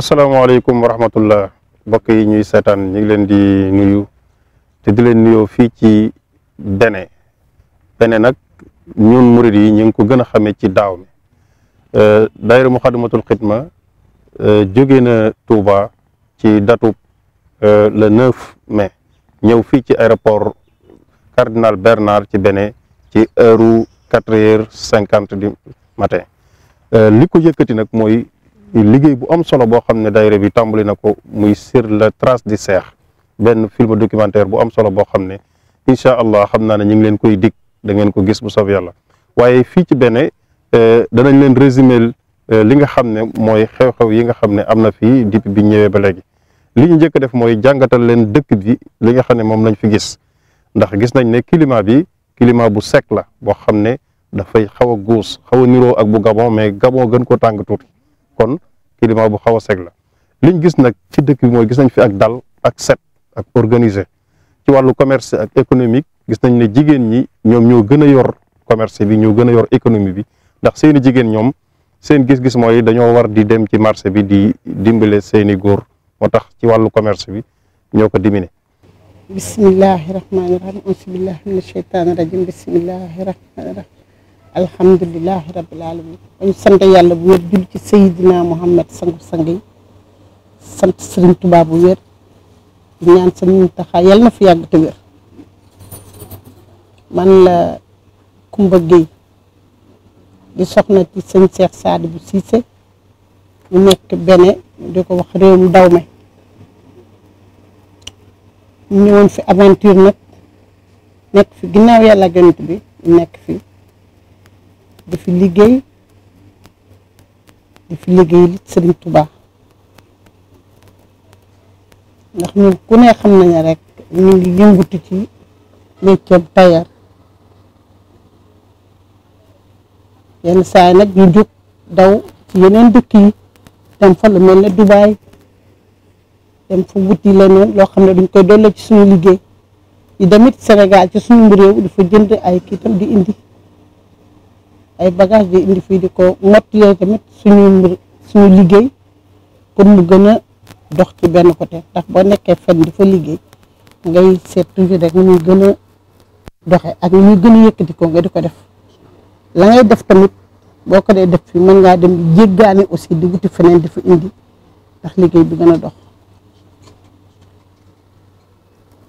asalaamaaleykum wa rahmatullah mbokk yi ñuy seetaan ñu ngi leen di nuyu te di leen nuyo fii ci Bénin Bénin nag ñun murid yi ñu ngi ko gën a xamee ci daaw mi euh, daayira Muxaddamatul Xidma euh, jóge na Touba ci datub euh, le 9 mai ñëw fii ci aéroport Cardinal Bernard ci bene ci heure quatre heures cinquante du matin li ko yëkkati nag mooy liggéey bu am solo boo xam ne daayira bi tàmbali na ko muy sur la trace di Cheikh benn film documentaire bu am solo boo xam ne incha allah xam naa ne ñu ngi leen koy dig da ngeen ko gis bu soob yàlla waaye fii ci benn euh, danañ leen résumer euh, li nga xam ne mooy xew-xew yi nga xam ne am na fii depuis bi ñëwee ba léegi li ñu njëkk def mooy jàngatal leen dëkk bi li nga xam ne moom lañ fi gis ndax gis nañ ne climat bi climat bu sec la boo xam ne dafay xaw a guus xaw a ak bu Gabon mais Gabon gën ko tàng kon climat bu xaw a sec la liñ gis nag ci dëkk bi mooy gis nañ fi ak dal ak set ak organisé ci wàllu commerce ak économique gis nañ ne jigéen ñi ñoom ñoo gën a yor commerce bi ñoo gën a yor économie bi ndax seeni jigéen ñoom seen gis-gis mooy dañoo war di dem ci marché bi di dimbale seeni góor moo tax ci wàllu commerce bi ñoo ko diminé bismillahi rahmaani rahim auzu billahi mina sheytaani alhamdulilahi rabbil alamin dañ sant yàlla bu wér jul ci Seydina Muhammad sangu sang yi sant Sëriñ bu wér di ñaan sa Muntaxa yàlla na fi yàgg te wér man la Kumba Gueye di soxna ci sëñ Cheikh Saadi bu Cissé mu nekk bene di ko wax réewum dawme ñëwoon fi aventure nag nekk fi ginnaaw yàlla gënt bi nekk fi di liggéey di fi liggéey li Sëriñ Tuubaa ndax ñun ku ne xam nañu rek ñu ngi yëngutu ci métier tailleur yenn saay nag ñu jóg daw ci yeneen dëkk yi dem fa lu mel ne Dubaay dem fa wuti leneen loo xam ne duñ koy dolle ci suñu liggéey yi demit Sénégal ci suñu réew dafa fa jënd ay kiitam di indi ay bagage di indi fii di ko mottali tamit suñu liggéey pour mu gën a dox ci benn côté ndax boo nekkee fen di fa liggéey ngay seet toujours rek ñu gën a doxe ak ñu gën a yëkkati ko nga di ko def la ngay def tamit boo ko dee def fii mën ngaa dem jéggaani aussi digguti feneen di fa indi ndax liggéey bi gën a dox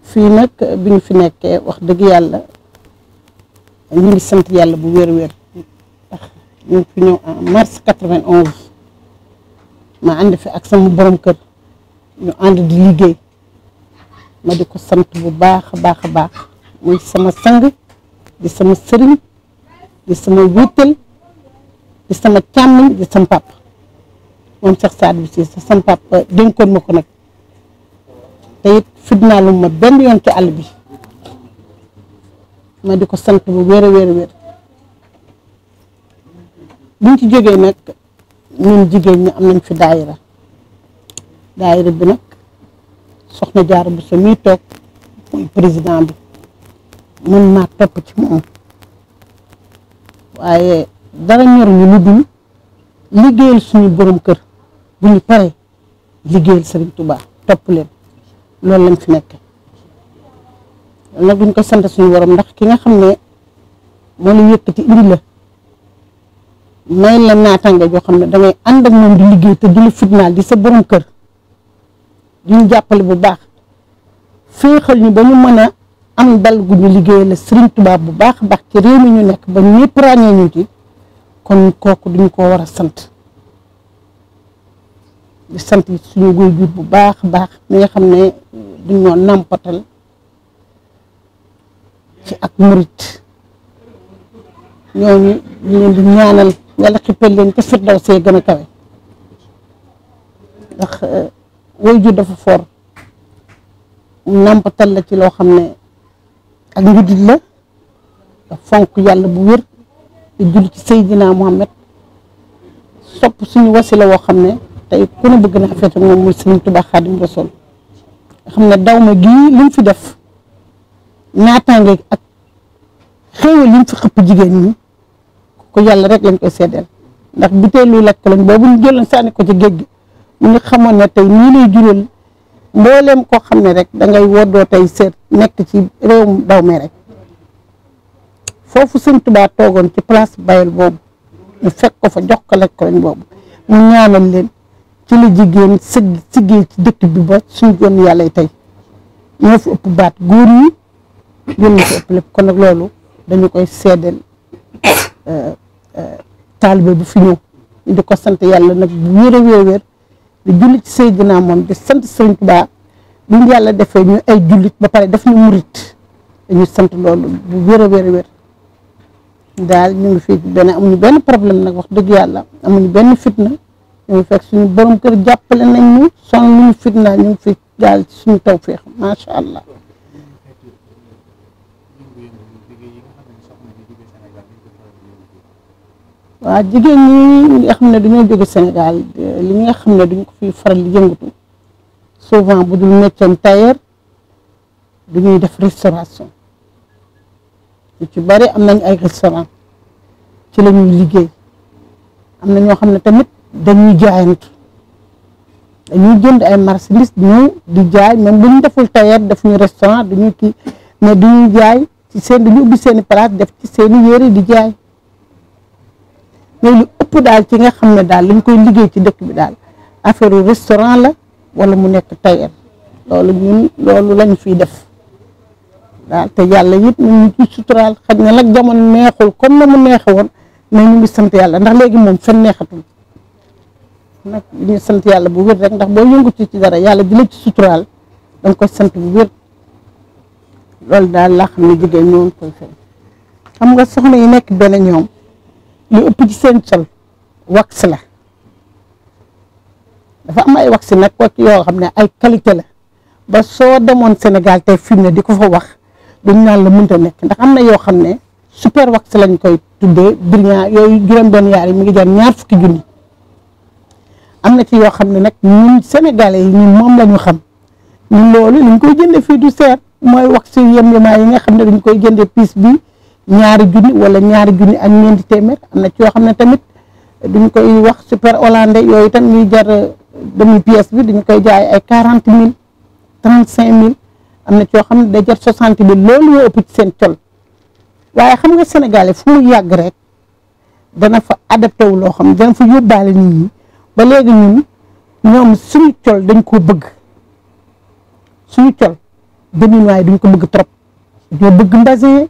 fii nag bi ñu fi nekkee wax dëgg yàlla ñu ngi sant yàlla bu wér-wér ñu ngi fi ñëw en mars ma ànd fi ak sama borom kër ñu ànd di liggéey ma di ko sant bu baax a baax a baax muy sama sang di sama sëriñ di sama wéetal di sama càmmiñ di sama papa moom sax saat bi si sama papa dénkoon ma ko nag te it fitnaalum ma benn yoon ci àll bi ma di ko sant bu wéer a wéer buñ ci jógee nag ñun jigéen ñi am nañ fi daayira daayira bi nag soxna Jaara Buso mi toog muy président bi mën maa topp ci moom waaye dara ñoruñu lu dul liggéeyal suñu borom kër bu ñu paree liggéeyal Sëriñ Tubaa topp leen loolu lañ fi nekk nag duñ ko sant suñu borom ndax ki nga xam ne moo la yëkkati indi may la naataange joo xam ne dangay ànd ak moom di liggéey te du la fitnaal di sa borom kër di ñu jàppale bu baax féexal ñu ba ñu mën a am dal gu ñu liggéey la Sëriñ Tuubaa bu baax baax ci réew mi ñu nekk ba ñëpp ràññee ñu ci kon kooku duñ ko war a sant di sant suñu waajur bu baax baax mi nga xam ne duñoo nàmpatal ci ak murit ñooñu ñu leen ñaanal yàlla xippal leen ca firdaw see gën a kawe ndax euh, waajur dafa foor nàmpatal la ci loo xam ne ak njudit la nga fonk yàlla bu wér te julli ci Seydina Muhammad sopp suñu la woo xam ne tey ku ne bëgg na xafeetu moom muy Sëriñ Tuubaa Xaadim Rasuul nga xam ne daw ma gii li mu fi def naataange ak xéewal li mu fi xëpp jigéen ñi ko yàlla rek lañ koy seddeel ndax butéelu lakk lañ boobu ñu jëloon sànni ko ci géej gi mu xamoon ne tey nii lay jural mbooleem koo xam ne rek dangay ngay woddoo tey seet nekk ci réewum daw me rek foofu Sëñ Tuubaa toogoon ci place Bayel boobu ñu fekk ko fa jox ko lekk lañ boobu mu ñaanal leen ci la jigéen sëgg siggee ci dëkk bi ba suñ yoon yàlla tey ñoo fi ëpp baat góor yi ñoo fi ëpp lépp kon nag loolu dañu koy seddeel taalibe bu fi ñëw di ko sant yàlla nag bu wér a wér di jullit ci Seydina moom di sant Sëriñ Tuubaa bi ñu yàlla defee ñu ay jullit ba pare def ñu murit dañu sant loolu bu wér a wér daal ñu ngi fii benn amuñu benn problème nag wax dëgg yàlla amuñu benn fitna ñu ngi fekk suñu borom kër jàppale nañ ñu sonal ñu fitna ñu ngi fi daal ci suñu tawféex macha allah. waa jigéen ñi nga xam ne dañoo jóge Sénégal li nga xam ne duñ ko fi faral di yëngatu souvent bu dul métier tailleur dañuy def restauration lu ci bari am nañ ay restaurant ci la ñuy liggéey am na ñoo xam ne tamit dañuy jaayantu dañuy jënd ay marchandises ñëw di jaay même bu ñu deful tailleur def ñu restaurant dañuy kii mais duñuy jaay ci seen dañu ubbi seen i palaat def ci seeni i yére di jaay. mais lu ëpp daal ci nga xam ne daal lañ koy liggéey ci dëkk bi daal affaire yu restaurant la wala mu nekk tailleur loolu ñun loolu lañ fiy def daal te yàlla it ñu ngi suturaal xaj na nag jamono neexul comme na mu neexe woon mais ñu ngi sant yàlla ndax léegi moom fen nag ñu sant yàlla bu wér rek ndax boo yëngu ci ci dara yàlla dina ci suturaal danga koy sant bu wér loolu daal laa xam ne jigéen ñoo koy fay xam nga soxna yi nekk benn ñoom lu ëpp ci seen sol wax la dafa am ay wax nag wax yoo xam ne ay qualité la ba soo demoon Sénégal tey fi mu di ko fa wax duñ naan la mënta nekk ndax am na yoo xam ne super wax lañ koy tuddee brillant yooyu juróom-benn yaar yi mi ngi jar ñaar fukki junni am na ci yoo xam ne nag ñun Sénégalais yi ñun moom la ñu xam ñun loolu liñ koy jëndee fii du seer mooy wax si yem yi nga xam ne dañ koy jëndee piis bi. ñaari junni wala ñaari junni ak ñeenti téeméer am na ci yoo xam ne tamit duñ koy wax super hollandais yooyu tam ñuy jar euh, demi pièce bi dañ koy jaay ay quarante mille trente cinq mille am na ci yoo xam ne day jar soixante mille loolu yoo ëpp ci seen col waaye xam nga sénégalais fu mu yàgg rek dana fa adapté wu loo xam ne dana fa yóbbaale nit ñi ba léegi ñun ñoom suñu col dañ ko bëgg suñu col demi waaye duñ ko bëgg trop ñoo bëgg mbasin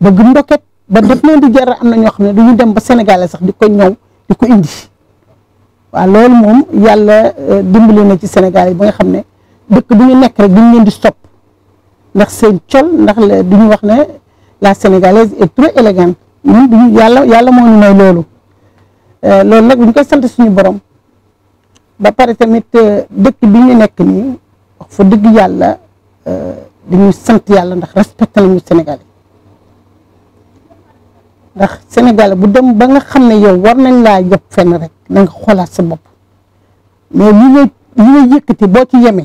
bëgg ndoket ba def leen di jar am na ñoo xam ne dañu dem ba Sénégal sax di ko ñëw di ko indi waaw loolu moom yàlla euh, dimbali na ci Sénégal yi ba xam ne dëkk bu ñu nekk rek duñ leen di sopp ndax seen col ndax du ñu wax ne la sénégalaise est trop élégante yàlla yàlla moo ñu may loolu euh, loolu nag duñ koy sant suñu borom ba pare tamit euh, dëkk bi ñu nekk nii wax fa dëgg yàlla dañuy sant yàlla ndax respecté nañu Sénégal ndax Sénégal bu dem ba nga xam ne yow war nañ laa yóbbu fenn rek na nga xoolaat sa bopp mais li nga li yëkkati boo ci du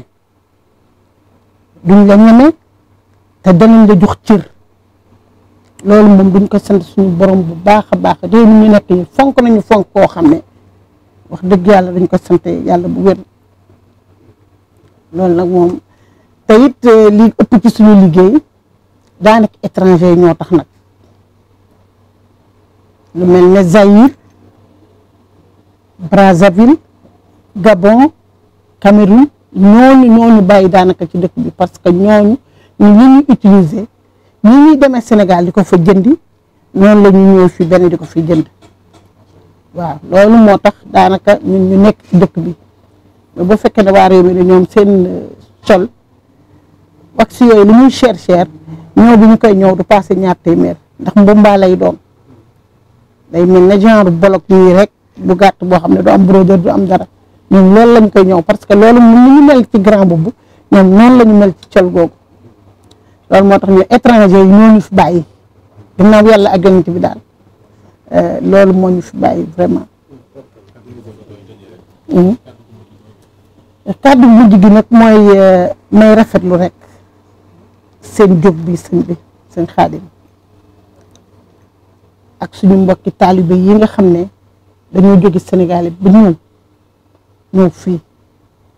duñ la ñeme te danañ la jox cër loolu moom duñ ko sant suñu borom bu baax a baax réew mi ñu nekk yi fonk nañu fonk koo xam ne wax dëgg yàlla dañ ko sant yàlla bu wér loolu nag moom te it eh, li ëpp ci suñu liggéey daanaka étranger ñoo tax nag. lu mel na Zaïre Brazzaville Gabon Cameroun ñooñu ñooñu bàyyi daanaka ci dëkk bi parce que ñooñu ñu li ñu utiliser ñi ñuy demee Sénégal di ko fa jëndi noonu la ñu ñëw fi benn di ko fi jënd waaw loolu moo tax daanaka ñun ñu nekk ci dëkk bi mais bu fekkee ne waa réew ñoom seen sol uh, wax si yooyu lu muy cher cher ñëw bi ñu koy ñëw du passé ñaar téeméer ndax mbumba lay doon day mel na genre bolok nii rek bu gàtt boo xam ne du am brodeur du am dara ñoom loolu lañ koy ñëw parce que loolu mu ñu mel ci grand boobu ñoom noonu la ñu mel ci col googu loolu moo tax ñu étranger yi ñoo ñu fi bàyyi ginnaaw yàlla ak yonent bi daal euh, loolu moo ñu fi bàyyi vraiment. Hmm? kàddu mujj gi nag mooy euh, may rafetlu rek seen jóg bi seen bi ak suñu mbokki taalibe yi nga xam ne dañoo jóge Sénégal ba ñëw ñëw fii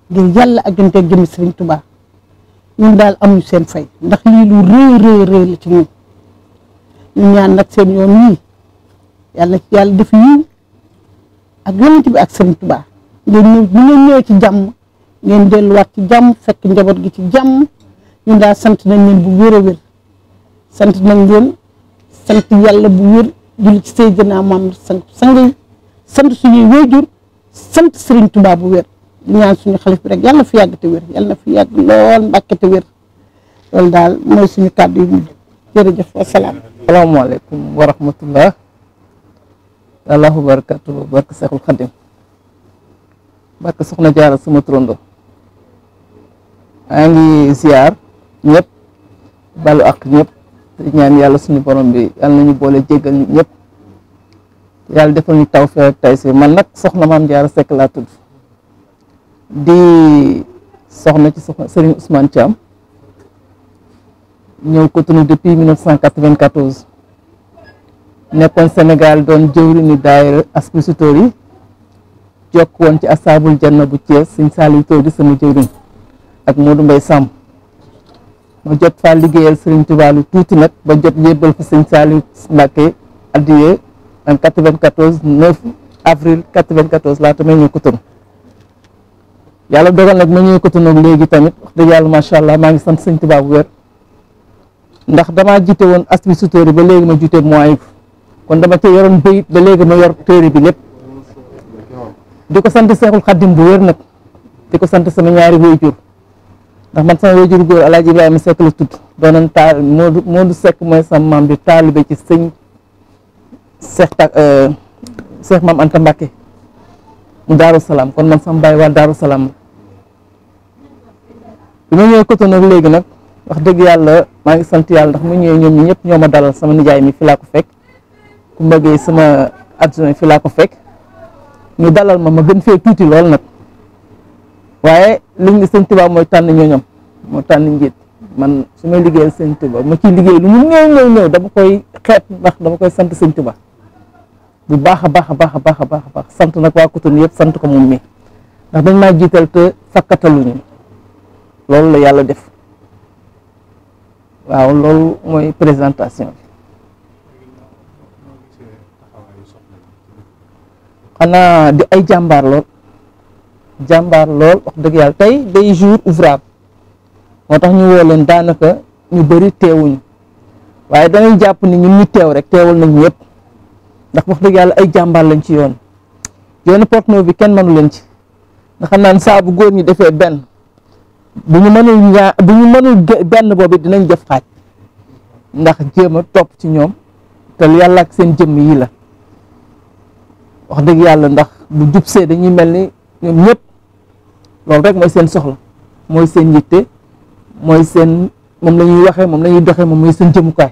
ngir yàlla ak yonent ak jëmmi Sëriñ Tuubaa ñun daal amuñu seen fay ndax lii lu rëy rëy rëy la ci ñun ñu ñaan nag seen yoon yii yàlla ci yàlla def yiw ak yonent bi ak Sëriñ Tuubaa ngeen ñëw ñu ngeen ñëwee ci jàmm ngeen delluwaat ci jàmm fekk njaboot gi ci jàmm ñun daal sant nañ leen bu wér a wér sant nañ leen sant bu wér julli ci Seydina Muhammad sant sang yi sant suñuy wéyjur sant Serigne Touba bu wér ñaan suñu xalif bi rek yàlla fi yàgg te wér yàlla na fi yàgg lool mbàkke te wér loolu daal mooy suñu kàddu yu mujj jërëjëf wasalaam salaamaaleykum wa rahmatullah allahu barakatuh barke Seexul Xadim barke soxna Jaara suma turando maa ngi ziar ñëpp balu ak ñëpp di ñaan yàlla suñu borom bi yàlla nañu boole jéggal ñu ñëpp yàlla defal ñu taw ak tayseer man nag soxna maam Jaara Seck laa tudd di soxna ci soxna Serigne Ousmane Thiam ñëw Cotonou depuis 1994 nekkoon Sénégal doon jëwriñu daayira aspiculteurs yi jokk woon ci asaabul janna bu Thiès Serigne Saliou Touré di sama jëwriñ ak Modou Mbaye Samb ma jot faa liggéeyal Serigne Touba lu tuuti nag ba jot yébbal fa Serigne Saliou Mbacké addiyee en 94 9 avril 94 laata may ñëw Cotonou yàlla dogal ma ñëw Cotonou léegi tamit wax dëgg yàlla macha allah maa ngi sant Serigne Touba bu wér ndax dama jiite woon asbi sutóori ba léegi ma jiite mooy kon dama te yoroon béyit ba léegi ma yor téere bi lépp di ko sant Seexul Xaddim bu wér nag di ko sant sama ñaari waajur ndax man sama wajuru góor alaaji ibrahima sekk la tudd doonoon taal moo moodu sekk mooy sama maam di taalibe ci sëñ seex ta euh, seex maam anta mbàkke mu daaru salaam kon man sama bàyyi waa daaru salaam bi ma ñëwee Cotonou ak léegi nag wax dëgg yàlla maa ngi sant yàlla ndax mu ñëwee ñoom ñi ñëpp ñoo ma dalal sama nijaay mi fi laa ko fekk ku mbëggee sama adjoint fi laa ko fekk ñu dalal ma ma gën fee tuuti lool nag waaye liñ li sëñ Tuubaa mooy tànn ñooñam moo tànn njiit man su may liggéeyal sëñ Tuubaa ma ciy liggéey lu mu néew néew néew dama koy xeet ndax dama koy sant sëñ Tuubaa bu baax a baax a baax a baax a baax a baax sant nag waa Kutun yëpp sant ko moom mii ndax dañ maa jiital te fakkataluñu loolu la yàlla def waaw loolu mooy présentation bi xanaa di ay jàmbaar lool jàmbaar lool wax dëgg yàlla tey day jour ouvrable moo tax ñu woo leen daanaka ñu bari teewuñu waaye dañuy jàpp ni ñun ñu teew rek teewal nañ ñëpp ndax wax dëgg yàlla ay jàmbaar lañ ci yoon yoonu Porte-Noire bi kenn mënu leen ci nga xam naan saa góor ñi defee benn bu ñu mënul ñaa bu ñu mënul benn boobu dinañ jëf xaaj ndax jéem a topp ci ñoom te yàlla ak seen jëmm yi la wax dëgg yàlla ndax bu jub see dañuy mel ni ñoom ñëpp loolu rek mooy seen soxla mooy seen yitte mooy seen moom lañuy waxee moom la ñuy doxee moom mooy seen jëmukaay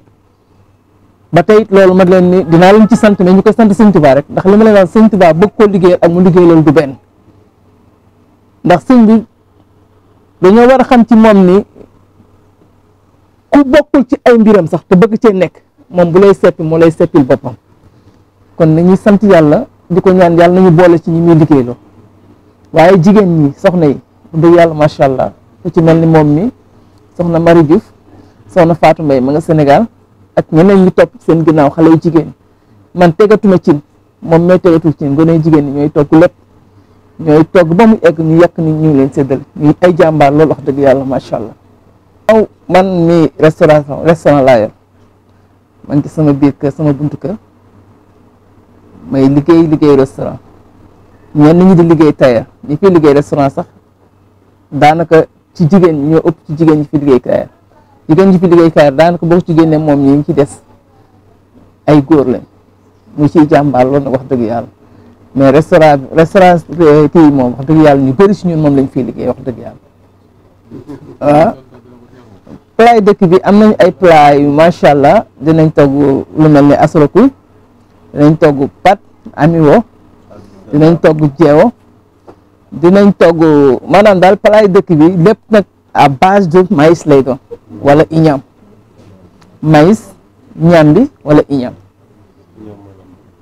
ba tey it loolu ma leen ni dinaa leen ci sant mais ñu koy sant Sëñ Tuubaa rek ndax li ma leen wax Sëñ Tuubaa bëgg koo liggéeyal ak mu liggéey loolu du benn ndax sëñ bi dañoo war a xam ci moom ni ku bokkul ci ay mbiram sax te bëgg cee nekk moom bu lay seppi moo lay seppil boppam kon nañuy sant yàlla di ko ñaan yàlla nañu boole ci ñi muy liggéeyloo waaye jigéen ñi soxna yi wax dëgg yàlla macha allah ku ci mel ni moom mi soxna Marie Diouf soxna Fatou Mbaye ma nga Sénégal ak ñeneen ñi topp seen ginnaaw xale yu jigéen man tegatuma cin moom mooy tegatul cin ne jigéen ñi ñooy togg lépp ñooy togg ba mu egg ñu yàq ni ñu ngi leen séddale ñu ay jàmbaar loolu wax dëgg yàlla macha allah. aw man mi restauration restaurant sama biir sama buntu kër may liggéey liggéey restaurant. ñenn ñi di liggéey tailleur ñi fi liggéey restaurant sax daanaka ci jigéen ñoo ëpp ci jigéen ñi fi liggéey tailleur jigéen ñi fi liggéey tailleur daanaka boo ci génnee moom ñi ngi ci des ay góor lañ ñu ciy jàmbaar loolu nag wax dëgg yàlla mais restaurant restaurant euh, kii moom wax dëgg yàlla ñu bëri si ñun moom lañ fiy liggéey wax dëgg yàlla waaw ah. plat dëkk bi am nañ ay plat yu macha allah dinañ togg lu mel ne asraku dinañ togg pat amiwo dinañ togg jeewo dinañ togg maanaam daal palaay dëkk bi lépp nag à base de maïs lay doon wala iñam maïs ñambi wala iñam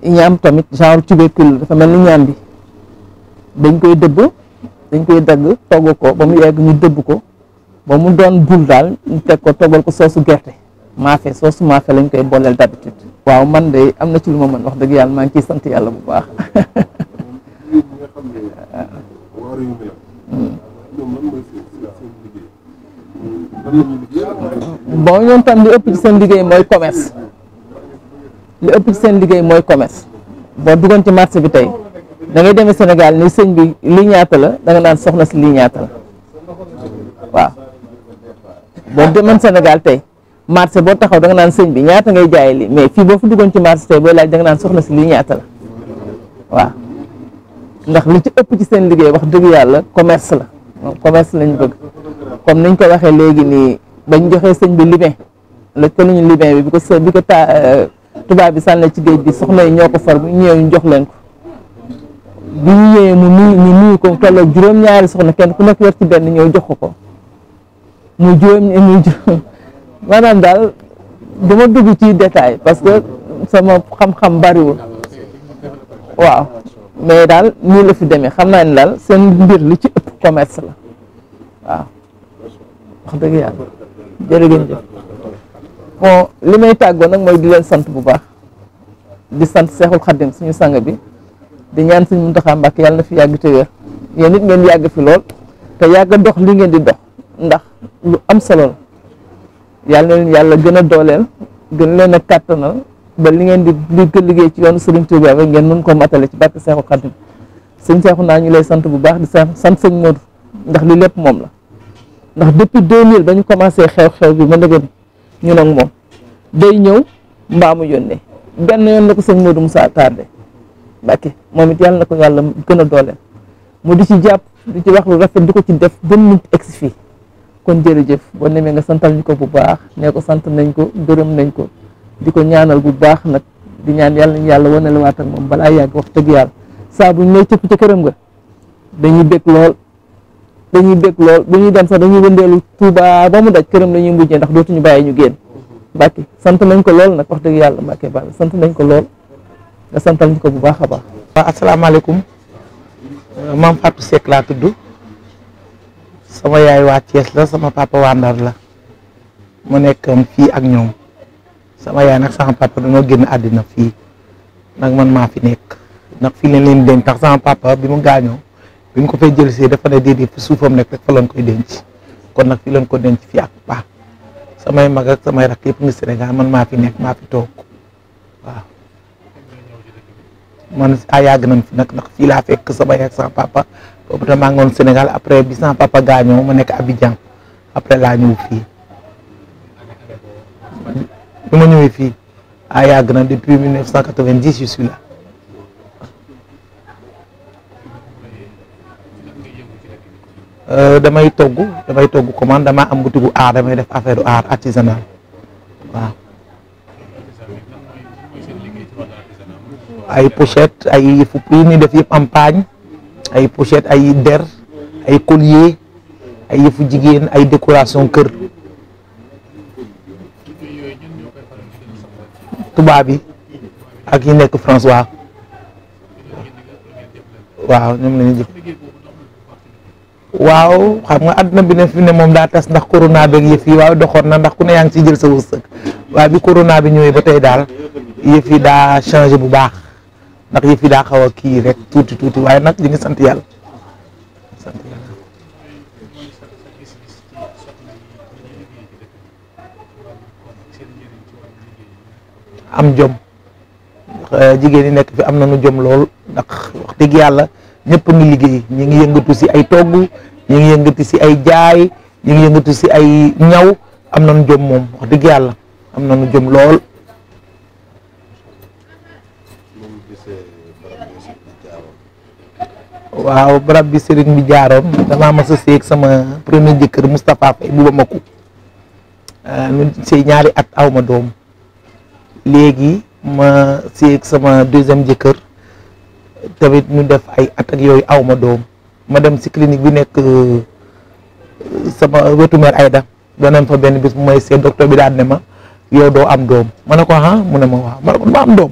iñam tamit genre tubécule dafa mel ni ñambi dañ koy dëbb dañ koy dagg togg ko ba mu yegg ñu dëbb ko ba mu doon bul daal ñu teg ko toggal ko soosu gerte maafe soosu maafe lañ koy booleel d'habitude waaw man de am na ci lu ma mën wax dëgg yàlla maa ngi koy sant yàlla bu baax réew mi la ñoom lan mooy ëpp ci seen liggéey mooy commerce li ëpp ci seen liggéey mooy commerce boo duggoon ci marché bi tey da ngay demee Sénégal ni sëñ bi li ñaata la danga naan soxna si li ñaata la waaw boo demoon senegal tey marché boo taxaw da naan sëñ bi ñaata ngay jaayee li mais fii boo fa duggoon ci marché tey booy laaj da naan soxna si li ñaata la waaw ndax li ci ëpp ci seen liggéey wax dëgg yàlla commerce la commerce lañ bëgg comme niñ ko waxee léegi nii bañ joxee sëñ bi libin la tëluñu libin bi bi ko s bi ko taa euh, tubaab bi sànni ci géej bi soxna yi ñoo ko far bu ñëwee ñu jox leen ko bi ñu ñëwee mu nuyu ñu nuyu ko tolloo juróom-ñaari soxna kenn ku nekk yor ci benn ñëw jox ko ko mu juróom mu maanaam daal dama dugg ci détail parce que sama xam-xam bariwul waaw mais daal nii la fi demee xam naa ni daal seen mbir li ci ëpp commerce la waaw wax dëgg yàlla jërëgéen jëf bon li may tàggoon nag mooy di leen sant bu baax di sant Seexul Xaddim suñu sang bi di ñaan suñu Muntaxa Mbàkke yàlla na fi yàgg te wér nit ngeen yàgg fi lool te yàgg dox li ngeen di dox ndax lu am solo la yàlla na leen yàlla gën a dooleel gën leen a kàttanal ba li ngeen di di liggéey ci yoonu Serigne Touba ba ngeen mën ko matale ci barke Seexu Xadim sëñ Seexu naa ñu lay sant bu baax di sant sëñ Modou ndax li lépp moom la ndax depuis 2000 ba ñu commencé xew-xew bi ma nëgën ñu nag moom day ñëw mbaamu yónnee benn yoon la ko sëñ Modou Moussa tardé Mbàkke moom it yàlla na ko yàlla gën a dooleel mu di ci jàpp di ci wax lu rafet di ko ci def ba mu egsi fii kon jërëjëf boo nemee nga santal ñu ko bu baax nee ko sant nañ ko gërëm nañ ko. di ko ñaanal bu baax nag di ñaan yàlla nañu yàlla wanale waat ak moom balaa yàgg wax dëgg yàlla saa buñ lay cëpp ca këram ga dañuy bég lool dañuy bég lool bu ñuy dem sax dañuy wëndeelu Tuuba ba mu daj këram dañuy mujjee ndax ñu bàyyi ñu génn Mbàkke sant nañ ko lool nag wax dëgg yàlla Mbàkke baal sant nañ ko lool nga santal ñu ko bu baax a baax. waaw asalaamaaleykum euh, maam Fatou Seck laa tudd sama yaay waa Thiès la sama papa waa Ndar la mu nekk fii ak ñoom. sama yaay nag sama papa dañoo génn àddina fii nag man maa fi nekk ndax fii leen leen denc tax sama papa bi mu gaañoo bi ñu ko fay jël see dafa ne déedéet fi suufam nekk rek fa lañ koy denc kon nag fii lañ ko denc fii ak paa samay mag ak samay rakk yëpp ngi Sénégal man maa fi nekk maa fi toog waaw man a yàgg nañ fi nag ndax fii laa fekk sama yaay ak sama papa boobu tam maa ngi woon Sénégal après bi sama papa gaañoo ma nekk Abidjan après laa ñëw fii bi ma ñëwee fii a yàgg na depuis 1990 je suis là euh, damay togg damay togg commande damaa am boutique gu aar damay def affaire u aar artisanal waaw ay pochet ay yëfu yi ñuy def yëpp am ay pochette ay der ay collier ay yëfu jigéen ay décoration kër tubaab yi ak yi nekk France waaw waaw ñoom la ñuy waaw xam nga àdduna bi ne fi ne moom daa tas ndax corona beeg yëf yi doxoon na ndax ku ne yaa ngi ciy jël sa wërsëg waaye bi corona bi ñëwee ba tey daal yëf yi daa changé bu baax ndax yëf yi daa xaw a kii rek tuuti tuuti waaye nag ñu ngi sant yàlla. am jom euh, jigéen yi nekk fi am na nañu jom lool ndax wax dëgg yàlla ñépp ngi liggéey ñi ngi yëngatu si ay togg ñi ngi yëngatu si ay jaay ñi ngi yëngatu si ay ñaw am nañu jom moom wax dëgg yàlla am na nañu jom lool. waaw barab bi sëriñ bi jaaroon damaa mas a sama premier jëkkër Moustapha Faye bu ba maku euh, nu see ñaari at awma doom léegi ma séeg sama deuxième jëkkër tamit ñu def ay at yooyu aw ma doom ma dem si clinique bi nekk euh, sama wetu mère Aïda danañ fa benn bis mu may seet docteur bi daan ne ma yow doo am doom ma ne ko ah mu ne ma waaw ma doom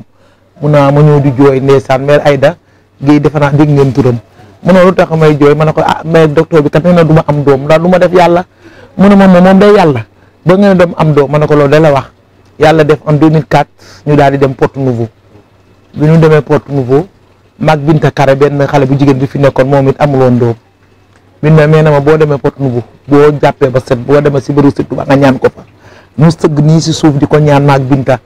mu ne ah, ma ñëw di jooy ndeysaan mère Aïda gi defe naa ngeen turam mu ne tax may jooy ma ne ko ah mais docteur bi kat nee na du ma am doom daal du ma def yàlla mun ne ma moom moom day yàlla ba ngeen dem am doom ma ne ko loolu da la wax. yàlla def en 2004 ñu daal di dem Porto Novo bi ñu demee Porto Novo mag Binta Kare benn xale bu jigéen bi fi nekkoon moom it amul woon doom min ma mee na ma boo demee Porto Novo boo jàppee ba set boo demee si bëru si Tuubaa nga ñaan ko fa ñu sëgg nii si suuf di ko ñaan maag Binta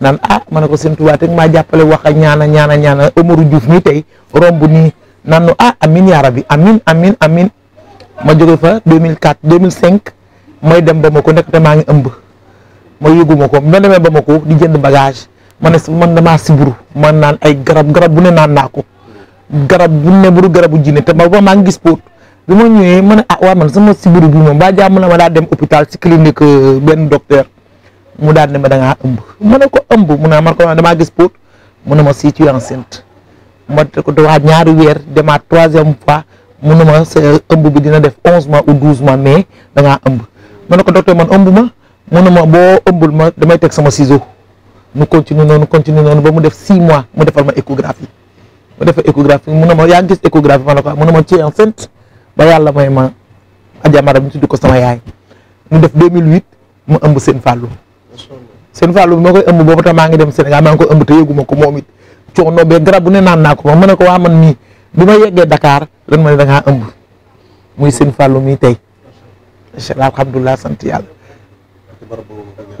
naan ah ma ne ko seen Tuubaa te maa jàppale wax a ñaana ñaana ñaana Omarou juuf mi tey romb nii naan nu ah amin yaa rabbi amin amin amin ma jóge fa 2004 2005 may dem ba ma ko nekk maa ngi ëmb ma yëguma ko ma demee Bamako di jënd bagage ma ne man damaa siburu man naan ay garab garab bu ne naan naa ko garab bu ne buru garabu jinne te ma ba maa ngi gis pot bi ma ñëwee ma ne ah waa man sama siburu bi moom ba jàmm na ma daa dem hôpital ci clinique euh, benn docteur mu daal ne ma da ngaa ma ne ko ëmb mu ne ma ko damaa gis pot mu ne ma si tu es enceinte ma ko waa ñaari weer demaat troisième fois mu ne ma sa ëmb bi dina def onze mois ou douze mois mais da ëmb ma ne ko docteur man ëmb ma. munuma boo ëmbul ma damay teg sama ciseau nu continue noonu continue noonu ba mu def six mois mu defal ma échographie mu defal échographie mu ne ma yaa gis échographie ma ne ko ah, ma ci ma Adja Mara ñu tudd ko sama yaay ñu def 2008 mu ëmb seen fàllu seen fàllu bi ma koy ëmb boobu tam maa ngi dem Sénégal ma ngi koy ëmb te yëguma ko moom it coono bee garab bu ne naan naa ko ma ma ne ko waa man mii bi ma yeggee Dakar lan ma ne da ngaa muy sen fàllu mii tey incha allah alhamdulilah sant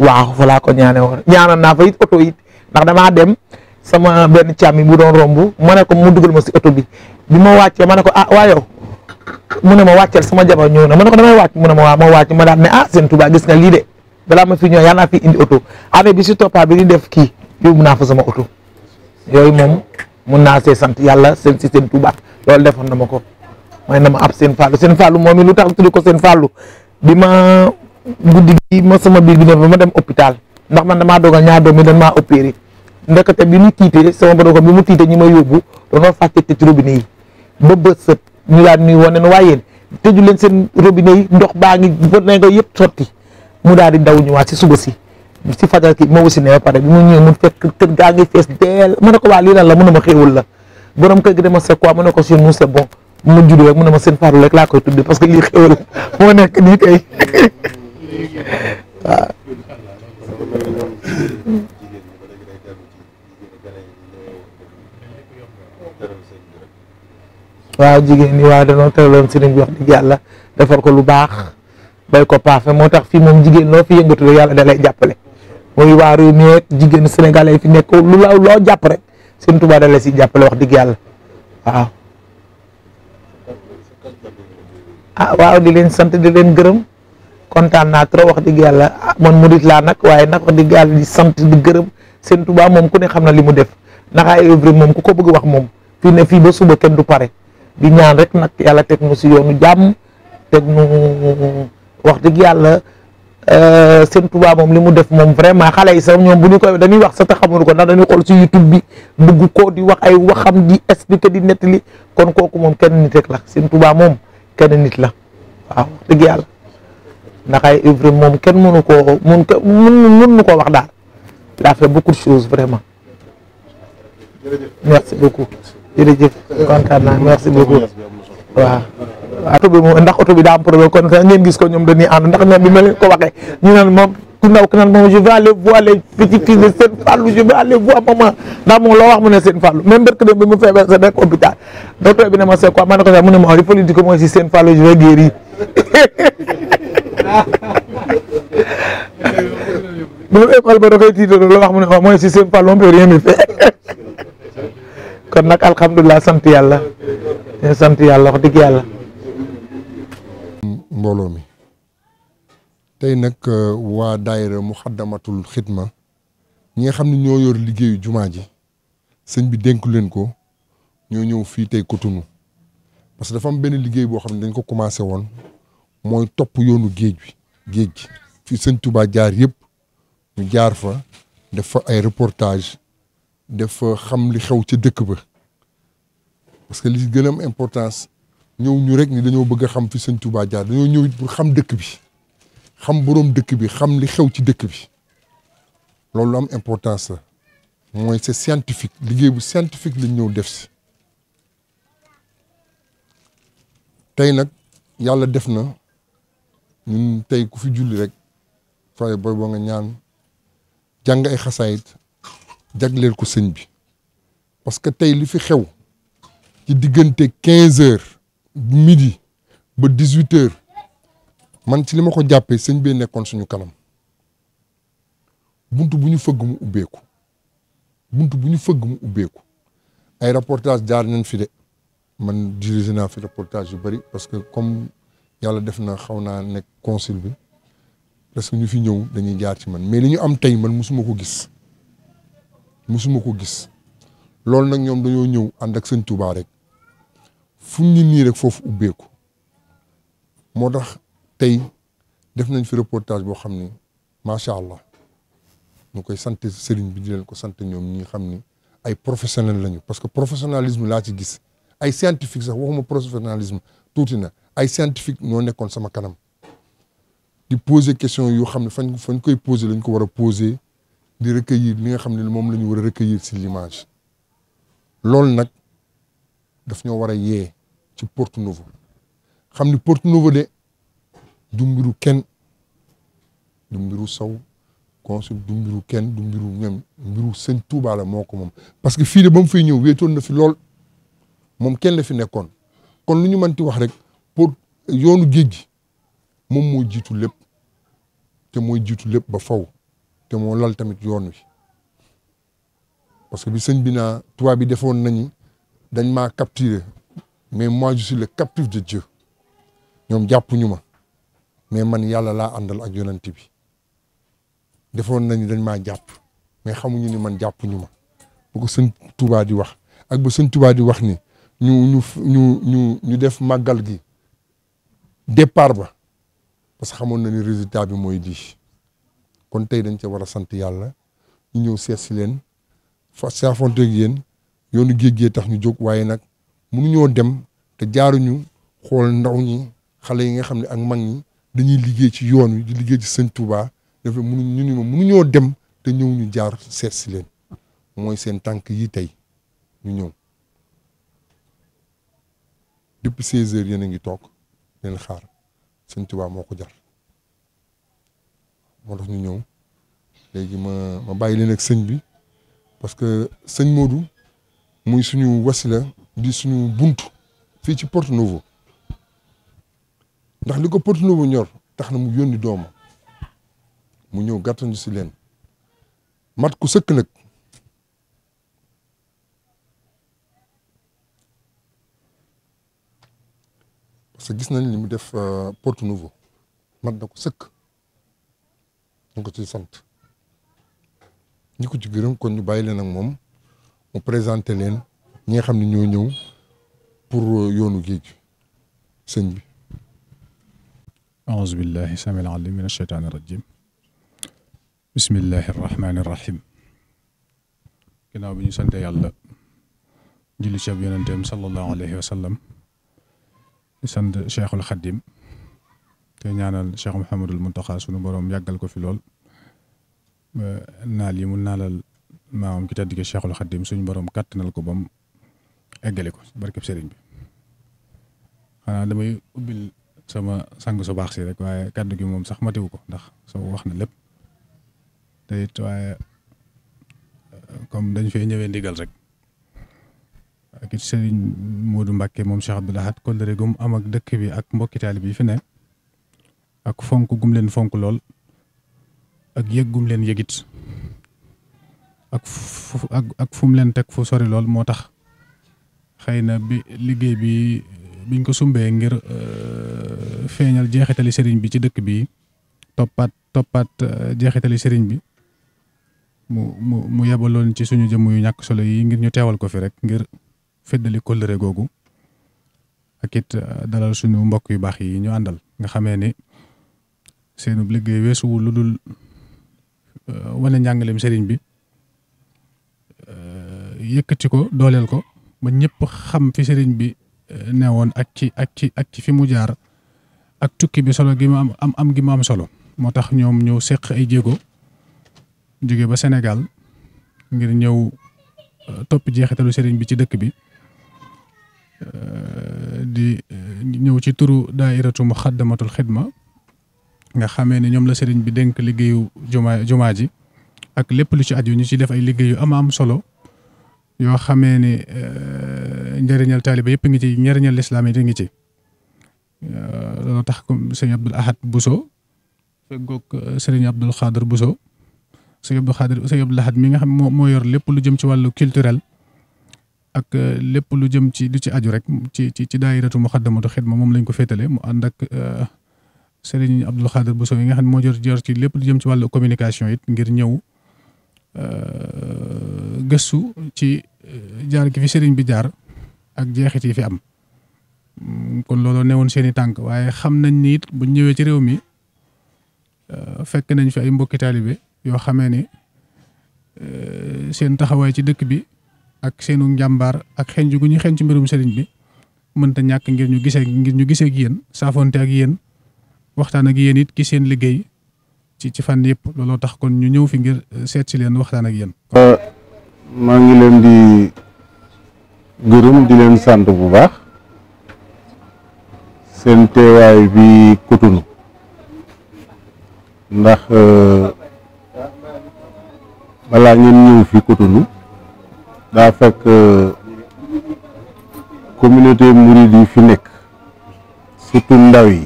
waaw fa laa ko ñaane woon ñaanal naa fa it oto it ndax damaa dem sama benn càmmi bu doon romb ma ne ko mu dugal ma si oto bi bi ma wàccee ma ne ko ah waa yow ne ma wàcceel sama jabar ñëw na ma ne ko damay wàcc ma waa ma ma daal ne ah seen Touba gis nga ma fi ñëw yaa naa fi bi si toppa bi di def kii yóbbu naa fa sama oto yooyu moom mun naa sant yàlla seen si seen Touba loolu defoon na ma ko may na ma ab seen fàllu seen fàllu moom it lu tax tudd ko seen fàllu bi ma guddi gi ma sama biir bi ne ba ma dem hôpital ndax man damaa dogal ñaar doom yi dañ maa opéré ndekete bi mu tiite sama borom bi mu tiite ñi ma yóbbu dañoo fàtte tëj robinet yi ba bët sët ñu daal nuy wane ne waaye tëju leen seen robinet yi ndox baa ngi ba ne ko yëpp sotti mu daa di daw waa ci suba si si fajar ki ma wasi ne ba pare bi mu ñëw mu fekk kër gaa ngi fees deel ma ne ko waa lii lan la mu ne ma xéewul la borom kër gi dama c'est quoi ma ne ko si nous c'est mu judd rek mu ma seen farlu rek parce que moo nekk nii waaw. waaw ñi waaw danoo teraloon sëriñ bi wax dëgg yàlla defar ko lu baax bay ko paafe moo tax fii moom jigéen loo fi yëngatu rek yàlla da lay jàppale mooy waa réew mi jigéen sénégalais fi nekk lu la loo jàpp rek seen tubaab da si jàppale wax dëgg yàlla waaw. ah waaw di leen sant di leen gërëm kontaan naa trop wax dëgg yàlla ah, man murit laa nag waaye nag wax dëgg yàlla di sant di gërëm seen Tuubaa moom ku ne xam na li mu def ndax ay œuvre moom ku ko bëgg wax moom fii ne fii ba suba kenn du pare di ñaan rek nag yàlla teg nu si yoonu jàmm teg nu wax dëgg yàlla euh, seen Tuubaa moom li mu def moom vraiment xale yi sax ñoom bu ñu koy damuy wax sax te xamuñu ko ndax dañuy xool si YouTube bi bëgg ko di wax ay waxam di expliquer di nettali kon kooku moom kenn nit rek la seen Tuubaa moom kenn nit la waaw dëgg yàlla. ndax ay œuvre moom kenn mënu koo mun ko mun nu koo wax daal il a fait beaucoup de choses vraiment merci beaucoup jërëjëf kontaan naa merci beaucoup waaw oto bi moom ndax oto bi daa am problème kon ngeen gis ko ñoom dañuy ànd ndax ñoom bi ma leen ko waxee ñu naan moom je vais aller voir les petits fils de je vais aller voir maman ndax moom loo wax mu ne Sène Fallou même barke dem bi mu feebar sa nekk hôpital docteur bi ne ma c'est quoi ma ne ko sax mu ne ma il faut lui dire que mooy si Sène Fallou je vais moom école ba da koy tiitoon wax mu ne mooy si seen palon peut rien me kon nag alhamdulilah sant yàlla sant yàlla wax dëgg yàlla. mbooloo mi tey nag euh, waa daayira Muxaddamatul Xidma ñi nga xam ne ñoo yor liggéeyu jumaa ji sëñ bi dénk leen ko ñoo ñëw fii tey Cotonou parce que dafa am benn liggéey boo xam ne dañ ko commencé woon. mooy topp yoonu géej bi géej gi fi sëñ Touba jaar yëpp ñu jaar fa def fa ay reportage def fa xam li xew ci dëkk ba parce que li gën am importance ñëw ñu rek ni dañoo bëgg a xam fi sëñ Touba jaar dañoo ñëw it xam dëkk bi xam boroom dëkk bi xam li xew ci dëkk bi loolu am importance la mooy c'est scientifique liggéey bu scientifique lañ ñëw def si tey nag yàlla def na ñun tey ku fi julli rek fay booy boo nga ñaan jàng ay xasaayit jagleel ko sëñ bi parce que tey li fi xew ci diggante quinze heures midi ba dix huit heures man ci li ma ko jàppee sëñ bee nekkoon suñu kanam bunt bu ñu fëgg mu ubbeeku bunt bu ñu fëgg mu ubbeeku ay reportage jaar nañ fi de man dirigé naa fi reportage yu bari parce que comme yàlla def na xaw naa nekk consul bi parce que ñu fi ñëw dañuy jaar ci man mais li ñu am tey man musuma ko gis musuma ko gis loolu nag ñoom dañoo ñëw ànd ak sëñ Touba rek fu ñu nii rek foofu ubbeeku moo tax tey def nañ fi reportage boo xam ni macha allah ñu koy sant sëriñ bi di leen ko sant ñoom ñi xam ni ay professionnel lañu parce que professionnalisme laa ci gis ay scientifique sax waxuma professionnalisme tuuti na ay scientifique ñoo nekkoon sama kanam di poser question yoo xam ne fañ fañ koy poser lañ ko war a poser di recueillir li nga xam ne moom la ñu war a recueillir si l'image loolu nag daf ñoo war a yee ci Porto Novo xam ni Porto Novo de du mbiru kenn du mbiru saw consul du mbiru kenn du mbiru ñoom mbiru sëñ Touba la moo ko moom parce que fii de ba mu fay ñëw wéetoon na fi lool moom kenn la fi nekkoon kon lu ñu mënti wax rek pour yoonu géej gi moom moo jiitu lépp te mooy jiitu lépp ba faw te moo lal tamit yoon wi parce que bi sëñ bi naa tubaab bi defoon nañu dañ maa capturé mais mois je suis le captif de Dieu ñoom jàppuñu ma mais man yàlla laa àndal ak yonent bi defoon nañu dañ maa jàpp mais xamuñu ni man jàppuñu ma bu ko sëñ Tuubaa di wax ak ba sëñ Tuubaa di wax ni ñu ñu ñu ñu ñu def màggal gi départ ba parce que xamoon na ni résultat bi mooy di kon tey dañ ce war a sant yàlla ñu ñëw seet si leen fa saafonteeg yéen yoonu géej gee tax ñu jóg waaye nag mënuñoo dem te jaaruñu xool ndaw ñi xale yi nga xam ne ak mag dañuy liggéey ci yoon wi di liggéey ci sëñ Touba dafa mënu ñu ni ma mënuñoo dem te ñëw ñu jaar seet si leen mooy seen tànk yi tey ñu ñëw depuis seize heures yéen a ngi toog leen xaar Sëñ Tuubaa moo ko jar moo tax ñu ñëw léegi ma ma bàyyi leen ak sëñ bi parce que sëñ Modou muy suñu wasila di suñu bunt fii ci porte Novo ndax li ko Porto Novo ñor tax na mu yónni dooma mu ñëw gàttandu si leen mat ku sëkk parce gis nañ li mu def euh, port Novo mat na ko sëkk ñu ko ciy sant ñi ko ci gërëm kon ñu bàyyi leen ak moom mu présenté leen ñi nga xam ne ñoo ñëw pour euh, yoonu géej sëñ bi aouzu billahi samil alim min asheytaani rajim bismillahi arrahmani arrahim ginnaaw bi ñu sante yàlla julli ci ab yonenteem sallallahu alayhi wa sant cheikhul xaddim te ñaanal cheikh Mouhamadul Muntaxa sunu boroom yàggal ko fi lool naal yi mu naalal maamam ki tedd gi cheikhul xaddim suñu borom kàttanal ko ba mu eggale ko barkeb sëriñ bi xanaa damay ubbil sama sang su baax si rek waaye kàddu gi moom sax matiwu ko ndax soo wax na lépp te waaye comme dañ fee ñëwee ndigal rek. ak it sëriñ Modou mbakke moom Cheikh Abdoul Ahad kóllëre gum am ak dëkk bi ak mbokki bi yi fi ne ak fonk gum leen fonk lool ak yëg gum leen yëgit ak fu leen teg fu sori lool moo tax xëy na bi liggéey bi biñ ko sumbee ngir euh, feeñal jeexitali sëriñ bi ci dëkk bi toppaat toppaat euh, jeexitali sëriñ bi mu mu mu yebaloon ci suñu jëmm yu ñàkk solo yi ngir ñu teewal ko fi rek ngir feddali kóllëre googu ak it uh, dalal suñu mbokk yu baax yi ñu àndal nga xamee ni seenub liggéey weesuwul lu dul uh, wane njàngaleem sëriñ bi uh, yëkkati ko dooleel ko ba ñëpp xam fi sëriñ bi newoon ak ci ak ci ci fi mu jaar ak tukki bi solo gi mu am am am gi mu am solo moo tax ñoom ñëw séq ay jéego jóge ba senegal ngir ñëw topp jeexitalu sëriñ bi ci dëkk bi Euh, di ñëw ci turu daairatu muxaddamatul xidma nga xamee ne ñoom la sëriñ bi dénk liggéeyu juma jumaa ji ak lépp lu ci aju ñu ci def ay liggéey yu am am solo yoo xamee ne euh, njëriñal taaliba yëpp ngi ci njariñal lislaam yi ngi ci euh, loolu tax comme sëñ Abdul Ahad Bousso feggoog sëriñ Abdul Xaadir Bousso sëñ Abdul Xaadir sëñ Abdul Ahad mi nga xam moo yor lépp lu jëm ci wàllu culturel ak euh, lépp lu jëm ci lu ci aju rek ci ci ci daayiratu muxaddamatu xidma moom lañ ko féetale mu ànd ak euh, sëriñ Abdul Xaadir Bousso yi nga xam ne moo jor jor ci lépp lu jëm ci wàllu communication it ngir ñëw euh, gëstu ci jaar gi fi sëriñ bi jaar ak jeexit yi fi am mm, kon looloo newoon seen i tànk waaye xam nañ ni buñ ñëwee ci réew mi fekk nañ fi ay mbokki taalibe yoo xamee ni seen taxawaay ci dëkk bi ak seenu njàmbaar ak xenj gu ñu xenj ci mbirum sëriñ bi mënta ñàkk ngir ñu gisee ngir ñu gisee ak yéen yéen waxtaan ak yéen it ki seen liggéey ci ci fànn yëpp looloo tax kon ñu ñëw fi ngir eh, seet si leen waxtaan ak yéen. Euh, maa ngi leen di gërëm di leen sant bu baax seen teewaay bi Cotonou ndax euh, balaa ngeen ñëw fi Cotonou. daa fekk euh, communauté mouride yi fi nekk surtout ndaw yi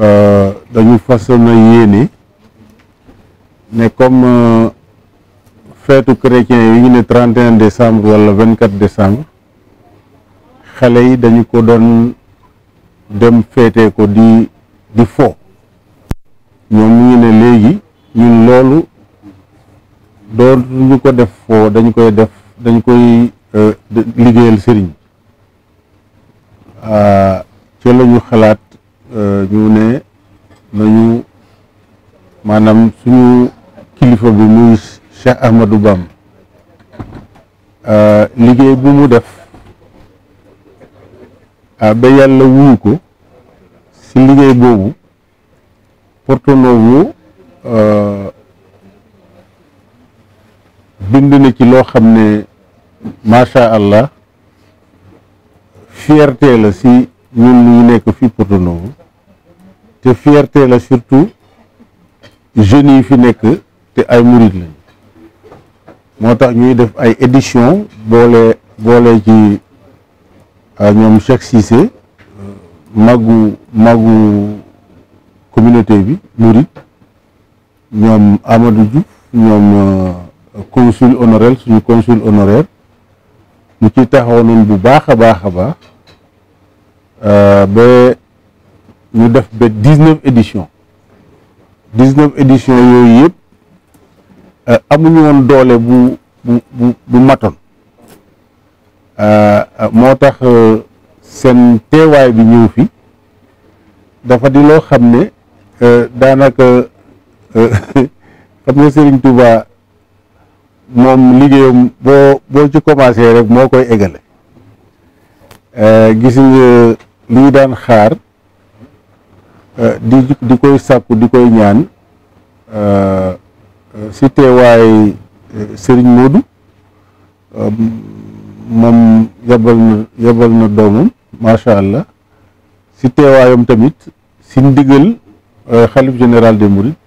euh, dañu façon a yéene ne comme euh, feetu chrétien yi ñu ne 31 décembre wala 24 décembre xale yi dañu ko doon dem féete ko di di fo ñoom ñu ne léegi ñun loolu ñu ko def foo dañ koy def dañ koy euh, liggéeyal sëriñ ah, ci ñu xalaat euh, ñu ne nañu maanaam suñu kilifa bi muy Cheikh Ahmadou Bam euh, liggéey bu mu def ah, ba yàlla wuyu ko si liggéey boobu Porto Novo bind na ci loo xam ne macha allah fierté la si ñu nekk fii Porto Novo te fierte la surtout jeunes yi fi nekk te ay murit lañ moo tax ñuy def ay édition boole ci ah, ñoom Cheikh Cissé magu magu communauté bi murit ñoom Amadou Diouf ñoom euh, consul honoraire suñu consul honoraire ñu ci taxaw bu baax a baax a baax euh, ba ñu def ba dix-neuf édition dix-neuf édition yooyu yëpp euh, amuñu woon doole bu bu bu matoon euh, moo tax seen teewaay bi ñëw fi dafa di xam ne daanaka xam nga Serigne Touba moom liggéeyam boo boo ci commencé rek moo koy eggale eh, gis nga daan xaar eh, di di koy sàkku di koy ñaan eh, si teewaay sëriñ Moodu moom yabal na yabal na doomam macha allah si teewaayam tamit si ndigal xalif général de mourides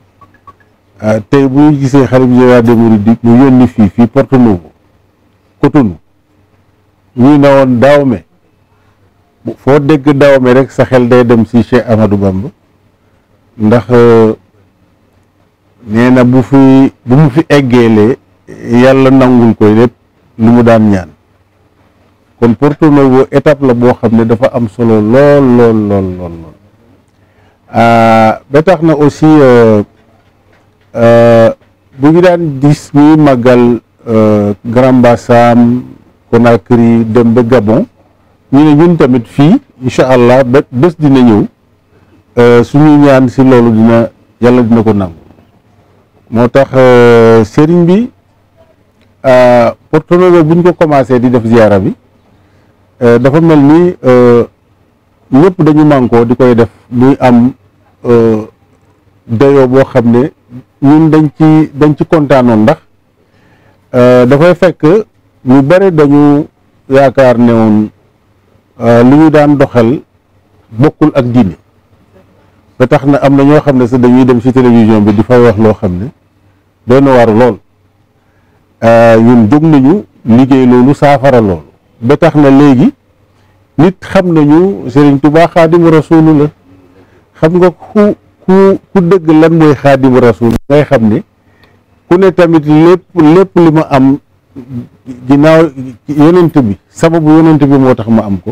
Ah, tey bu ñu gisee xarit général des mourides ñu yónni fii fii Porto Novo Cotonou ñu ne woon Dahomey foo dégg Dahomey rek sa xel day dem si Cheikh Amadou Bamba ndax euh, nee na bu fi bu mu fi eggeelee yàlla nangul koy lépp lu mu daan ñaan kon Porto Novo la boo xam ne dafa am solo lool lool lool ah, ba tax na aussi euh, bu ngi daan gis ñuy màggal euh, Grand Bassam Conakry dem ba Gabon ñu ne ñun tamit fii incha allah ba bés dina ñëw euh, suñu ñaan si loolu dina yàlla dina ko nangu moo tax euh, sëriñ bi Porto Novo bu ñu ko commencé di def ziyaara bi dafa mel ni ñëpp dañu mànkoo di koy def muy am dayoo boo xam ne ñun dañ ci dañ ci kontaanoon ndax euh, dafay fekk ñu bari dañu yaakaar ne woon euh, li ñu daan doxal bokkul ak diine ba tax na am na ñoo xam ne sax dañuy dem ci télévision bi di fa wax loo xam ne doon na waar lool euh, ñun jóg nañu liggéey loolu saafara loolu ba na léegi nit xam nañu Serigne Touba Xaadimu Rasuulu la xam nga ku ku ku dëgg lan mooy xaadimu rasul ngay xam ni ku ne tamit lépp lépp li ma am ginnaaw yonent bi sababu yonent bi moo tax ma am ko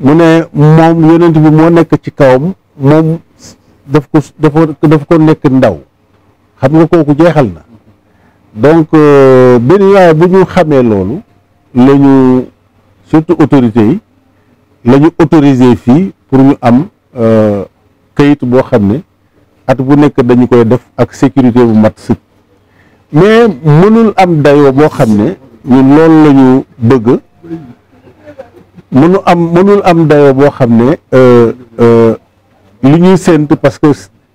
mu ne moom yonent bi moo nekk ci kawam moom daf ko dafa daf ko nekk ndaw xam nga kooku jeexal na donc euh, benn waaye bu ñu xamee loolu la ñu surtout autorité yi la autorisé fii pour ñu am euh, kayit boo xam ne at bu nekk dañu koy def ak sécurité bu mat sëkk mais mënul am dayoo boo xam ne ñun loolu la ñu mënu am mënul am dayoo boo xam ne euh, euh, li ñuy sént parce que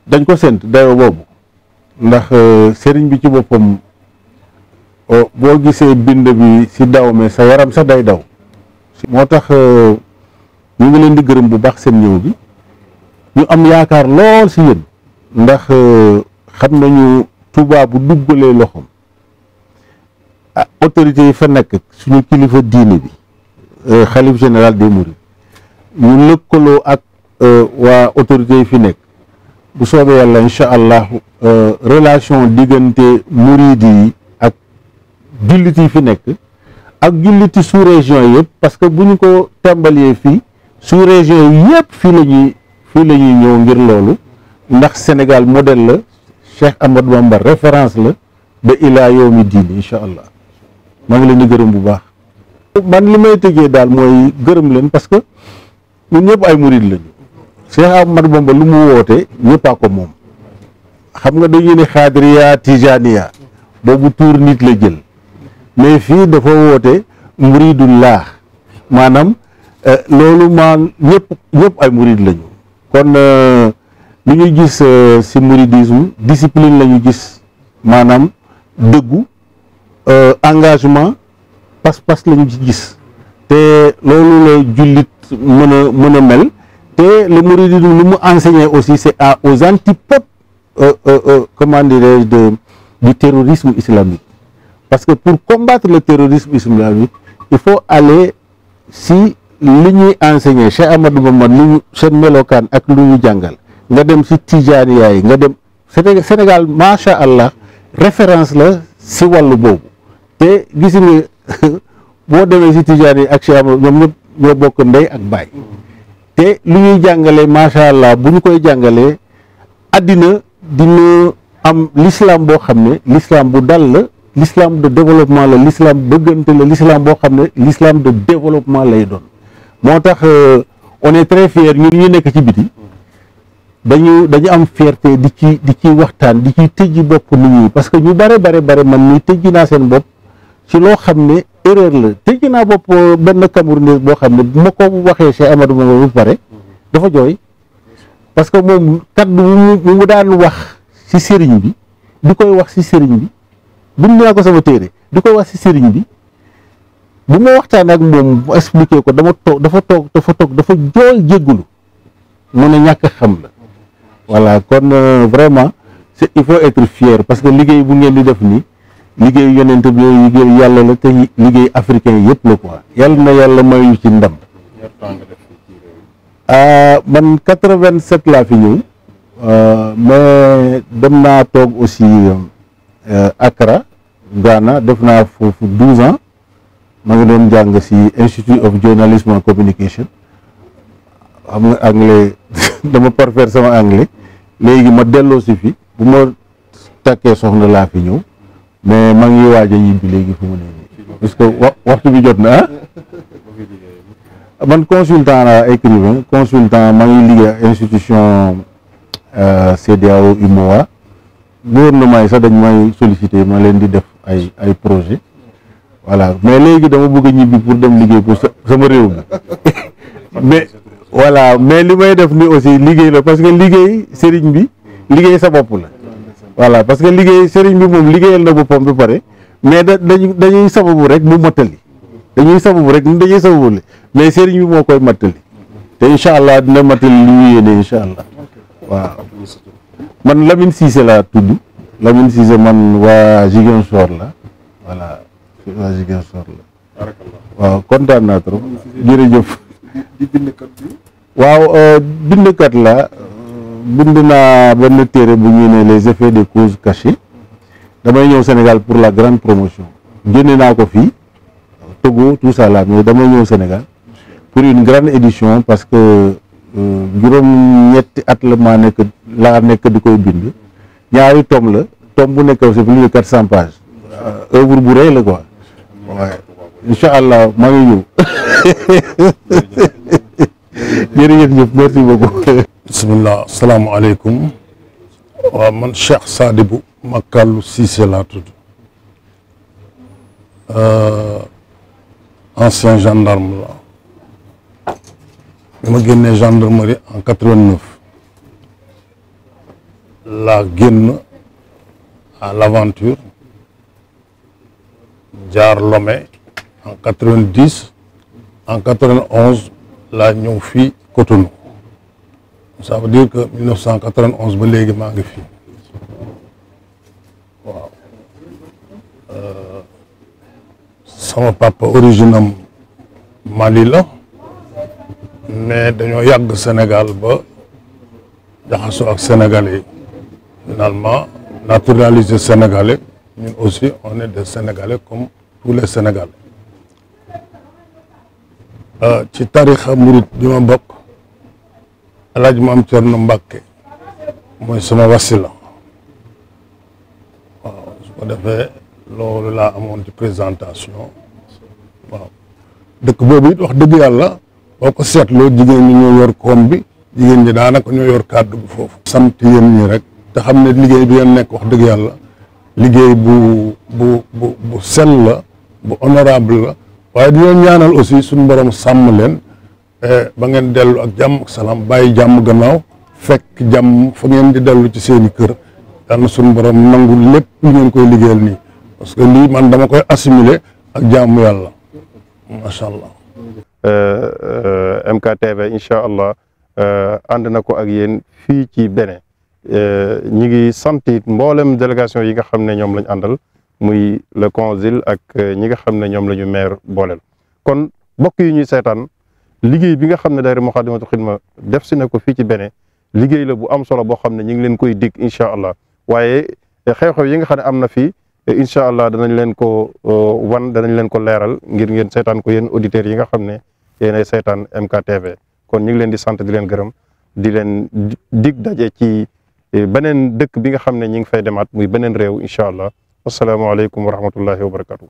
dañ ko sént dayoo boobu ndax euh, sëriñ bi ci boppam boo gisee bind bi si daw mais sa yaram sax day daw moo tax mu ngi leen di gërëm bu baax seen ñëw bi ñu am yaakaar lool si yéen ndax euh, xam nañu Touba bu duggalee loxoom ah autorités yi fa nekk suñu kilifa diine bi euh, xalif général des Mourides ñu lëkkaloo ak euh, waa autorités yi fi nekk bu soobee yàlla incha allah relation diggante Mouride yi ak jullit yi fi nekk ak julliti sous région yëpp parce que bu ko tàmbalee fii sous région yëpp fii la ñuy fii la ñuy ñëw ngir loolu ndax Sénégal modèle la Cheikh Ahmadou Bamba référence la ba ilaa yawmi diin incha allah maa ngi leen di gërëm bu baax. man li may tëjee daal mooy gërëm leen parce que ñun ñëpp ay murid lañu Cheikh Ahmadou Bamba lu mu woote ñëpp ko moom xam nga dañuy ne xaadiriya tijaniya boobu tuur nit la jël mais fii dafa woote laax maanaam eh, loolu maa ñëpp ñëpp ay murid lañu. kon euh, lu ñuy gis euh, ci mouridisme discipline la ñu gis maanaam dëggu euh, engagement pas-pas la ñu ci gis te loolu la jullit mën a mën a mel te le mouridisme lu mu enseigné aussi c'est à aux antipodes comment dirais-je de du terrorisme islamique parce que pour combattre la terrorisme islamique il faut aller si li ñuy enseigné Cheikh Ahmadou Bamba lu seen melokaan ak lu ñu jàngal nga dem si tijaaniya yi nga dem Sénégal macha allah référence la si wàllu boobu te gis nga boo demee ci tijaani yi ak Cheikh Ahmadou ñoom ñëpp ñoo bokk ndey ak baay te lu ñuy jàngalee macha allah bu ñu koy jàngalee àddina dina am l'islam boo xam ne l'islam bu dal la l'islam de développement la l'islam bëggante la l'islam boo xam ne l'islam de développement lay doon moo tax euh, on est très fier ñu nekk ci biti dañu dañu am fierté di ci di ci waxtaan di ci tëjji bopp nit ñi parce que ñu bare bare bare man ni tëjji naa seen bopp ci loo xam ne erreur la tëjji naa bopp euh, benn Camerounais boo xam ne bu ma ko waxee Cheikh Amadou Bamba bu pare dafa jooy parce que moom kaddu mu mu daan wax ci sëriñ bi di koy wax ci sëriñ bi bind naa ko sama téere du koy wax ci sëriñ bi bu ma waxtaan ak moom mu expliqué ko dama toog dafa toog dafa toog dafa jooy jéggulu mu ne ñàkk xam la voilà kon euh, vraiment c'est il faut être fier parce que liggéey bu ngeen di def nii liggéey yonent bi liggéey yàlla la te liggéey africain yëpp la quoi yàlla na yàlla mayu ci ndam euh, man quatre vingt sept laa fi ñëw euh, mais dem naa toog aussi Accra Ghana def naa foofu douze ans ma ngi doon jàng si institute of journalism and communication xam nga anglais dama parfaire sama anglais léegi ma delloo si fi bu ma takkee soxna laa fi ñëw mais ma ngi waaj a ñibbi léegi fu mu ne nii parce que waxtu bi jot na ah man consultant la écrivain consultant ma ngi liggéey institution euh, CEDEAO UMOA gouvernement yi sax dañ may sollicité ma leen di def ay ay projet voilà mais léegi dama bëgg a ñibbi pour dem liggéey pour sama réew mi mais voilà mais li may def ni aussi liggéey la parce que liggéey sëriñ bi liggéey sa bopp la voilà parce que liggéey sëriñ bi moom liggéeyal na boppam ba pare mais da dañu dañuy sababu rek mu mottali dañuy sababu rek dañuy sababu mais sëriñ bi moo koy mottali te incha allah dina mottali li ñu yéene incha allah waaw man Lamine Cissé laa tudd Lamine Cissé man waa Ziguinchor la waa Jigéen la. waaw kontaan naa trop. jërëjëf. di bindkat bi. waaw euh, bindkat la euh, bind naa benn téere bu ñuy ne les effets des causes cachées damay ñëw Sénégal pour la grande promotion génne naa ko fii Togo tout ça là mais damay ñëw Sénégal pour une grande édition parce que euh, juróom ñetti at la maa nekk laa nekk di koy bind ñaari tom la tom bu nekk c'est plus de quatre cent pages œuvre bu rëy la quoi waaw allah maa ngi ñëw jërëjëf jëf merci beaucoup bisimilah asalaamaaleykum waaw man Cheikh Sadibou Makalou Cissé laa tudd euh, ancien gendarme la bi ma génnee gendarmerie en quatre-vingt-neuf laa génn à l'aventure jaar Lomé en quatre-vingt-dix en quatre-vingt-onze laa ñëw fii Cotonou ça veut dire que ba léegi maa ngi fii waaw euh, sama papa origine Mali la mais dañoo yàgg Sénégal ba jaxasoo ak sénégalais finalement naturalisé sénégalais ñun aussi on est des sénégalais comme pour le Sénégal euh, ci tarixa murit bi ma bokk alaaj maam Cerno Mbàkke mooy sama wasila waaw su ko defee loolu laa amoon ci présentation waaw dëkk boobu it wax dëgg yàlla boo ko seetloo jigéen ñi ñoo yor koom bi jigéen ñi daanaka ñoo yor kàddu bi foofu sant yéen ñi rek te xam ne liggéey bi ngeen nekk wax dëgg yàlla liggéey bu bu bu bu sell la bu honorable la waaye di leen ñaanal aussi suñu borom sàmm leen eh, ba ngeen dellu ak jàmm ak salaam bàyyi jàmm gannaaw fekk jàmm fa ngeen di dellu ci seeni kër yal na suñu borom nangu lépp lu ngeen koy liggéeyal nii parce que lii man dama koy assimiler ak jàmm yàlla macha allah. Eh, eh, MKTV incha allah ànd na ko ak yéen fii ci Bénin ñi ngi sant it mboolem délégation yi nga xam ne ñoom lañu àndal. muy le consul ak euh, ñi nga xam ne ñoom la ñu maire booleel kon mbokk yi ñuy seetaan liggéey bi nga xam ne daayira Moukhaddamatoul Khidma def si na ko fii ci Bénin liggéey la bu am solo boo xam ne ñu ngi leen koy dig incha allah waaye euh, xew-xew yi nga xam ne am na fii euh, incha allah danañ leen ko wan danañ leen ko leeral ngir ngeen seetaan ko yéen auditeurs yi nga xam ne yéenay seetaan MKTV kon ñu ngi leen di sant di leen gërëm di leen dig daje ci beneen dëkk bi nga xam ne ñu ngi fay demaat muy beneen réew incha allah asalaamaaleykum wa rahmatullahi wa barakatu